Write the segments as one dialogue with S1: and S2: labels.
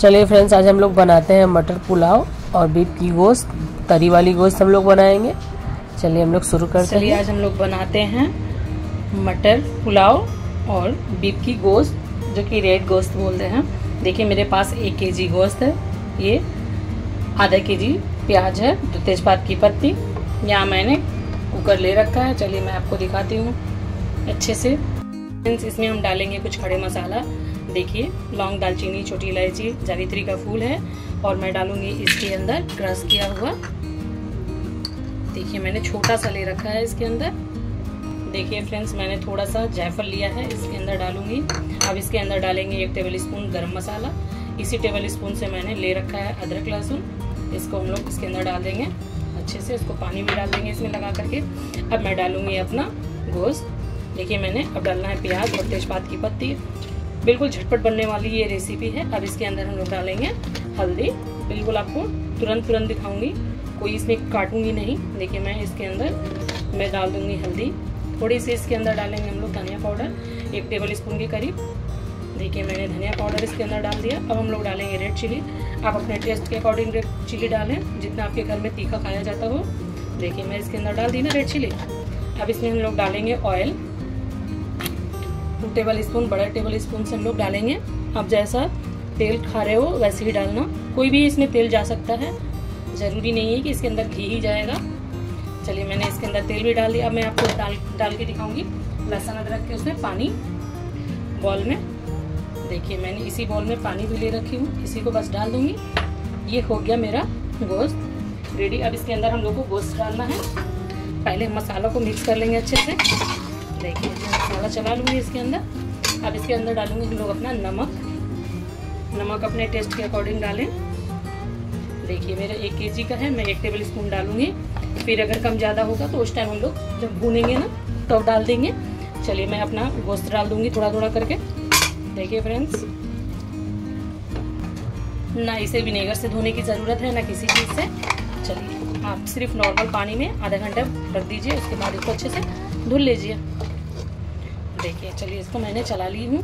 S1: चलिए फ्रेंड्स आज हम लोग बनाते हैं मटर पुलाव और बीफ की गोश्त तरी वाली गोश्त हम लोग बनाएंगे चलिए हम लोग शुरू करते हैं आज हम लोग बनाते हैं मटर पुलाव और बीफ की गोश्त जो कि रेड गोश्त बोलते हैं देखिए मेरे पास एक के जी गोश्त है ये आधा के जी प्याज है जो तेज़पात की पत्ती यहाँ मैंने कुकर ले रखा है चलिए मैं आपको दिखाती हूँ अच्छे से इसमें हम डालेंगे कुछ खड़े मसाला देखिए लौंग दालचीनी छोटी इलायची जावित्री का फूल है और मैं डालूंगी इसके अंदर क्रश किया हुआ देखिए मैंने छोटा सा ले रखा है इसके अंदर देखिए फ्रेंड्स मैंने थोड़ा सा जायफल लिया है इसके अंदर डालूंगी अब इसके अंदर डालेंगे एक टेबल स्पून गर्म मसाला इसी टेबल स्पून से मैंने ले रखा है अदरक लहसुन इसको हम लोग इसके अंदर डाल देंगे अच्छे से इसको पानी भी डाल देंगे इसमें लगा करके अब मैं डालूंगी अपना गोश्त देखिए मैंने अब डालना है प्याज और तेज़पात की पत्ती बिल्कुल झटपट बनने वाली ये रेसिपी है अब इसके अंदर हम लोग डालेंगे हल्दी बिल्कुल आपको तुरंत तुरंत दिखाऊंगी कोई इसमें काटूंगी नहीं देखिए मैं इसके अंदर मैं डाल दूंगी हल्दी थोड़ी सी इसके अंदर डालेंगे हम लोग धनिया पाउडर एक टेबल स्पून के करीब देखिए मैंने धनिया पाउडर इसके अंदर डाल दिया अब हम लोग डालेंगे रेड चिली आप अपने टेस्ट के अकॉर्डिंग रेड चिली डालें जितना आपके घर में तीखा खाया जाता हो देखिए मैं इसके अंदर डाल दी ना रेड चिली अब इसमें हम लोग डालेंगे ऑयल टू टेबल स्पून बड़ा टेबल स्पून से हम लोग डालेंगे आप जैसा तेल खा रहे हो वैसे ही डालना कोई भी इसमें तेल जा सकता है ज़रूरी नहीं है कि इसके अंदर घी ही जाएगा चलिए मैंने इसके अंदर तेल भी डाल दिया अब मैं आपको डाल डाल के दिखाऊंगी लहसुन अदरक के उसमें पानी बॉल में देखिए मैंने इसी बॉल में पानी भी ले रखी हूँ इसी को बस डाल दूँगी ये हो गया मेरा गोश्त रेडी अब इसके अंदर हम लोग को गोश्त डालना है पहले मसालों को मिक्स कर लेंगे अच्छे से देखिए मसाला चला लूँगी इसके अंदर अब इसके अंदर डालूँगी हम लोग अपना नमक नमक अपने टेस्ट के अकॉर्डिंग डालें देखिए मेरा एक के का है मैं एक टेबल स्पून डालूंगी फिर अगर कम ज़्यादा होगा तो उस टाइम हम लोग जब भूनेंगे ना तब तो डाल देंगे चलिए मैं अपना गोश्त डाल दूँगी थोड़ा थोड़ा करके देखिए फ्रेंड्स ना इसे विनेगर से धोने की ज़रूरत है ना किसी चीज़ से चलिए आप सिर्फ नॉर्मल पानी में आधा घंटा रख दीजिए उसके बाद इसको अच्छे से धुल लीजिए देखिए चलिए इसको मैंने चला ली हूँ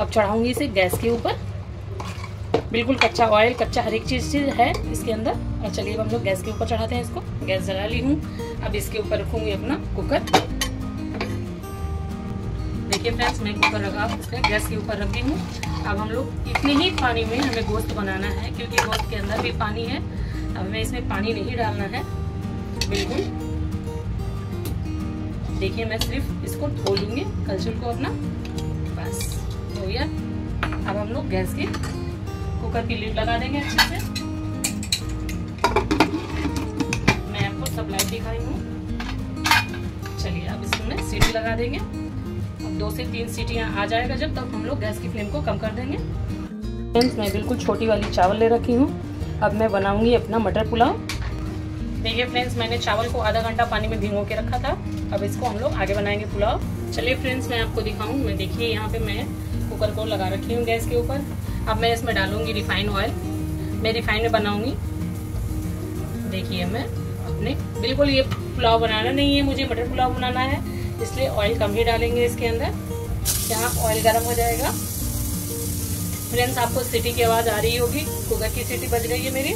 S1: अब चढ़ाऊँगी इसे गैस के ऊपर बिल्कुल कच्चा ऑयल कच्चा हर एक चीज़ है इसके अंदर और चलिए अब हम लोग गैस के ऊपर चढ़ाते हैं इसको गैस जला ली हूँ अब इसके ऊपर रखूँगी अपना कुकर देखिए फ्रेंड्स मैं कुकर रखा गैस के ऊपर रखी हूँ अब हम लोग इतने ही पानी में हमें गोश्त बनाना है क्योंकि गोश्त के अंदर भी पानी है अब हमें इसमें पानी नहीं डालना है बिल्कुल देखिए मैं सिर्फ इसको धो लूंगी कलछुल को अपना बस धो गया अब हम लोग गैस की कुकर की लीड लगा देंगे अच्छे से मैं आपको सब लाइट दिखाई हूँ चलिए अब इसमें सीटी लगा देंगे अब दो से तीन सीटियाँ आ जाएगा जब तब हम लोग गैस की फ्लेम को कम कर देंगे फ्रेंड्स मैं बिल्कुल छोटी वाली चावल ले रखी हूँ अब मैं बनाऊंगी अपना मटर पुलाव देखिए फ्रेंड्स मैंने चावल को आधा घंटा पानी में भिगो के रखा था अब इसको हम लोग आगे बनाएंगे पुलाव चलिए फ्रेंड्स मैं आपको दिखाऊं मैं देखिए यहाँ पे मैं कुकर को लगा रखी हूँ गैस के ऊपर अब मैं इसमें डालूंगी रिफाइन ऑयल मैं रिफाइंड में बनाऊंगी देखिए मैं अपने बिल्कुल ये पुलाव बनाना नहीं है मुझे मटर पुलाव बनाना है इसलिए ऑयल कम ही डालेंगे इसके अंदर यहाँ ऑयल गर्म हो जाएगा फ्रेंड्स आपको सिटी की आवाज़ आ रही होगी कुकर की सिटी बज रही है मेरी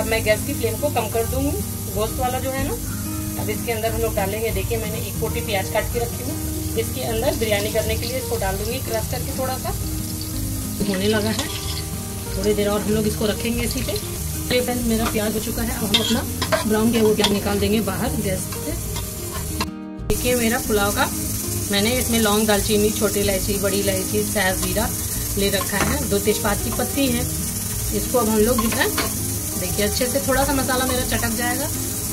S1: अब मैं गैस की फ्लेम को कम कर दूंगी गोश्त वाला जो है ना अब इसके अंदर हम लोग डालेंगे देखिए मैंने एक कोटी प्याज काट के रखी हूँ इसके अंदर बिरयानी करने के लिए इसको डाल दूंगी क्रश करके थोड़ा सा होने लगा है थोड़ी देर और हम लोग इसको रखेंगे इसी पे तो ये फ्रेंड मेरा प्याज हो चुका है अब हम अपना ब्राउन किया वो प्याज निकाल देंगे बाहर गैस से देखिए मेरा पुलाव का मैंने इसमें लौंग दालचीनी छोटी इलायची बड़ी इलायची सैर जीरा ले रखा है दो तेजपात की पत्ती है इसको अब हम लोग जो है देखिए अच्छे से थोड़ा सा मसाला मेरा चटक जाएगा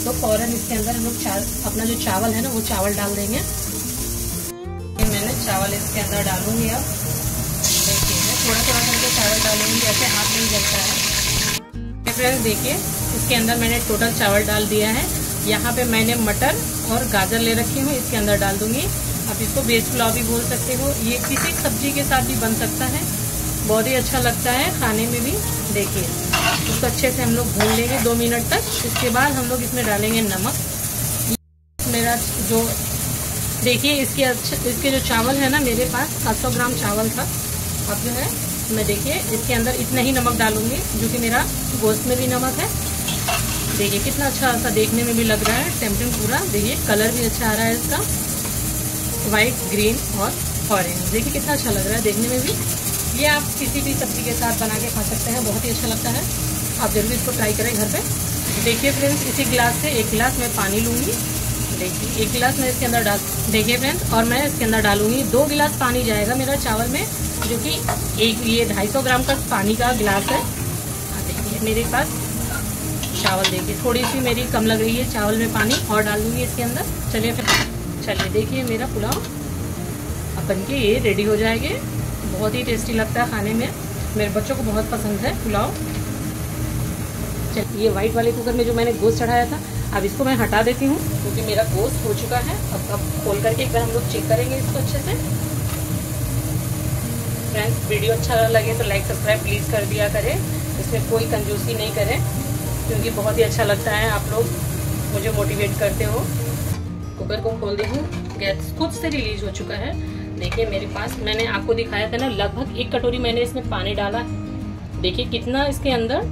S1: तो फ़ौरन इसके अंदर हम लोग अपना जो चावल है ना वो चावल डाल देंगे ये मैंने चावल इसके अंदर डालूंगी अब देखिए थोड़ा थोड़ा करके चावल डालूंगी जैसे हाथ नहीं जलता है फ्रेंड्स देखिए इसके अंदर मैंने टोटल चावल डाल दिया है यहाँ पे मैंने मटर और गाजर ले रखी हूँ इसके अंदर डाल दूंगी आप इसको वेज पुलाव भी बोल सकते हो ये किसी सब्जी के साथ भी बन सकता है बहुत ही अच्छा लगता है खाने में भी देखिए इसको अच्छे से हम लोग भून लेंगे दो मिनट तक इसके बाद हम लोग इसमें डालेंगे नमक मेरा जो देखिए इसके अच्छा इसके जो चावल है ना मेरे पास 700 ग्राम चावल था अब जो है मैं देखिए इसके अंदर इतना ही नमक डालूंगी जो कि मेरा गोश्त में भी नमक है देखिए कितना अच्छा सा देखने में भी लग रहा है टेम्परिंग पूरा देखिए कलर भी अच्छा आ रहा है इसका वाइट ग्रीन और ऑरेंज देखिए कितना अच्छा लग रहा है देखने में भी ये आप किसी भी सब्जी के साथ बना के खा सकते हैं बहुत ही अच्छा लगता है आप जरूर इसको ट्राई करें घर पे देखिए फ्रेंड्स इसी गिलास से एक गिलास मैं पानी लूँगी देखिए एक गिलास मैं इसके अंदर डाल देखिए फ्रेंड्स और मैं इसके अंदर डालूंगी दो गिलास पानी जाएगा मेरा चावल में जो कि एक ये ढाई ग्राम का पानी का गिलास है हाँ, देखिए मेरे पास चावल देखिए थोड़ी सी मेरी कम लग रही है चावल में पानी और डाल दूँगी इसके अंदर चलिए फिर चलिए देखिए मेरा पुलाव अब बन के ये रेडी हो जाएंगे बहुत ही टेस्टी लगता है खाने में मेरे बच्चों को बहुत पसंद है पुलाव चलिए अच्छा, ये व्हाइट वाले कुकर में जो मैंने गोश्त चढ़ाया था अब इसको मैं हटा देती हूँ क्योंकि मेरा गोश्त हो चुका है अब अब खोल करके एक बार हम लोग चेक करेंगे इसको अच्छे से फ्रेंड्स वीडियो अच्छा लगे तो लाइक सब्सक्राइब प्लीज़ कर दिया करें इसमें कोई कंजूसी नहीं करें क्योंकि बहुत ही अच्छा लगता है आप लोग मुझे मोटिवेट करते हो कुकर को खोल देती हूँ गैस खुद से रिलीज हो चुका है देखिए मेरे पास मैंने आपको दिखाया था ना लगभग एक कटोरी मैंने इसमें पानी डाला देखिए कितना इसके अंदर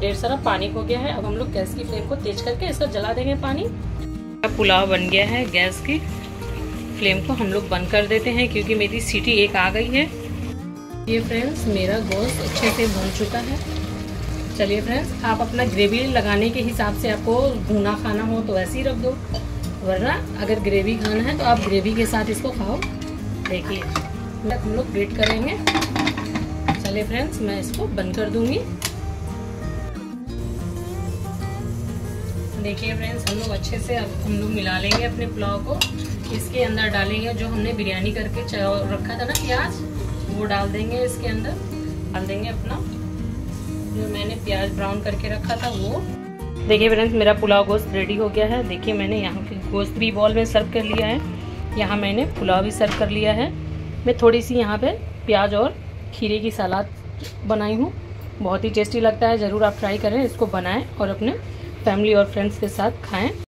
S1: ढेर सारा पानी हो गया है अब हम लोग गैस की फ्लेम को तेज करके इसको जला देंगे पानी पुलाव बन गया है गैस की फ्लेम को हम लोग बंद कर देते हैं क्योंकि मेरी सीटी एक आ गई है ये फ्रेंड्स मेरा गोश्त अच्छे से भून चुका है चलिए फ्रेंड्स आप अपना ग्रेवी लगाने के हिसाब से आपको भूना खाना हो तो ऐसे ही रख दो वरना अगर ग्रेवी खाना है तो आप ग्रेवी के साथ इसको खाओ देखिए हम लोग वेट करेंगे चलिए फ्रेंड्स मैं इसको बंद कर दूँगी देखिए फ्रेंड्स हम लोग अच्छे से हम लोग मिला लेंगे अपने पुलाव को इसके अंदर डालेंगे जो हमने बिरयानी करके रखा था ना प्याज वो डाल देंगे इसके अंदर डाल देंगे अपना जो मैंने प्याज ब्राउन करके रखा था वो देखिए फ्रेंड्स मेरा पुलाव गोश्त रेडी हो गया है देखिए मैंने यहाँ के गोश्त भी बॉल में सर्व कर लिया है यहाँ मैंने पुलाव भी सर्व कर लिया है मैं थोड़ी सी यहाँ पे प्याज और खीरे की सलाद बनाई हूँ बहुत ही टेस्टी लगता है ज़रूर आप ट्राई करें इसको बनाएं और अपने फैमिली और फ्रेंड्स के साथ खाएं